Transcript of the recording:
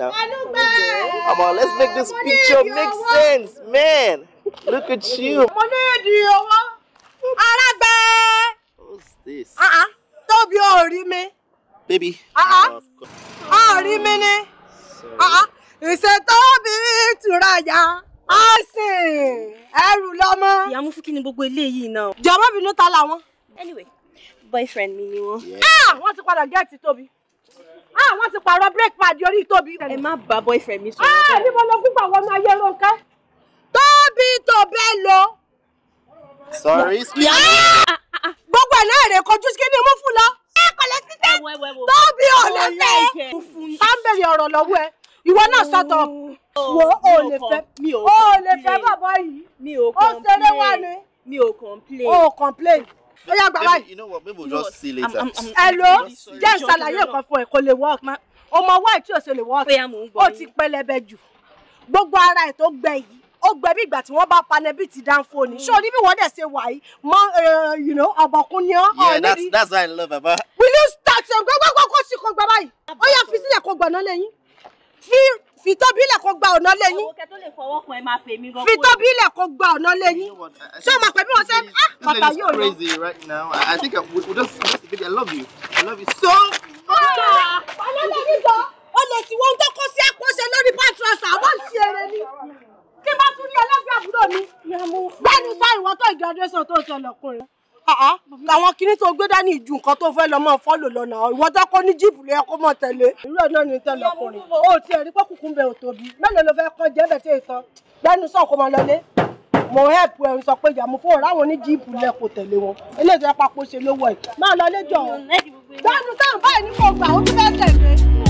now. Come on, let's make this picture make sense, man. Look at you. What's this? Uh-uh. Tóbi ò rí Baby. Uh-uh. Ò rí mi ni. uh It's Ìṣe Tóbi tùràyà. A sìn ẹrù lọ́mọ. Ìyá mú fún kí ni gbogbo eléyìí náà. Jọ̀wọ́ bínú ta làwọn. Anyway, boyfriend mi ni wọ́n. Ah! Wọ́n ti padà gẹ́ẹ̀tì Toby pààrọ̀ break pad orí tóbi. ẹ má bá boyfriend mi sọ̀rọ̀ ah, bẹ́ẹ̀. níbo ló gbúgbà wọnú ayé ronke. tóbi tó bẹ́ẹ̀ lọ. sorry ìyá mi. Ah, gbogbo ẹ̀ náà rè kojú kí ni mo fún lọ. ẹ kò lè sí tóbi ò lè fẹ́. bá ń bèrè ọ̀rọ̀ lọ́wọ́ ẹ ìwọ náà sọ̀tọ̀ mm. wo o lè fẹ́ o lè fẹ́ bàbá yìí o ṣeré wá ni mi ò complain o complain ó yá gbà báyìí. hello jẹ́ ìsàlàyé kan fún ẹ̀ kò lè work ọmọ ọwọ́ ẹ̀ tí òṣè lè wọ́n ó ti pẹlẹbẹ jù gbogbo ara ẹ̀ tó gbẹ yìí ó gbẹ bí ìgbà tí wọ́n bá panẹ́bí ti dánfò ni ṣé o ní bí wọ́n dẹ̀ ṣe wà yìí mọ eh, ọ̀bọ̀kún ni ọ́ ọ̀ yeah that's that's why I love baba. will you start ṣe gbogbo kó sì kó gbà báyìí ó yà fi sílẹ̀ kó gbọ̀nà lẹ́yìn fi fi tóbi ilẹ̀ kó gba ọ̀nà lẹ́yìn fi tóbi ilẹ̀ kó gba ọ̀nà lẹ́yìn ṣé o mọ̀ pé bí wọ́n ṣe ah bàbá yóò lọ. I think we just, I love you. I love you so. Ọlọ́dọ̀ mi jọ, o lè sì wo ohun tó kó sí àpò ṣe lórí pàtrọ̀sì, àwọn ìṣe eré ni. Tí bá tún ní ẹlẹ́gbẹ́ àbúrò mi, bẹ́ẹ̀ni sọ ìwọ tó ìgbàdúrẹ́sọ̀ tó ṣe lọ́kùnrin. Ah, ah. Àwọn kinní tó gbé dání ju nǹkan tó fẹ́ lọ mọ́ fọ́lò lọ́nà ìwọ tó kó ní jíìpù ló yẹ kó mọ̀ tẹ̀lé. Ìrúlọ̀ náà ni tẹ̀lé ọkùnrin. O ti ẹ̀rí pé kùkùn bẹ̀ ò tóbi. Mélòó ló fẹ́ kọ́ jẹ́ bẹ̀ tí ìtàn? Bẹ́ẹ̀ni sọ̀ kó máa lọlé mo help ẹ sọ pé ìyàmú fún ọ̀rá àwọn oníjìpù lẹ́kọ̀ọ́ tẹ̀lé wọn eléyìí tó yẹ papò ṣe lówó ẹ̀ máa lọ lẹ́jọ́ dánu sáà báyìí ní kò gbà ó tún fẹ́ tẹ̀lé.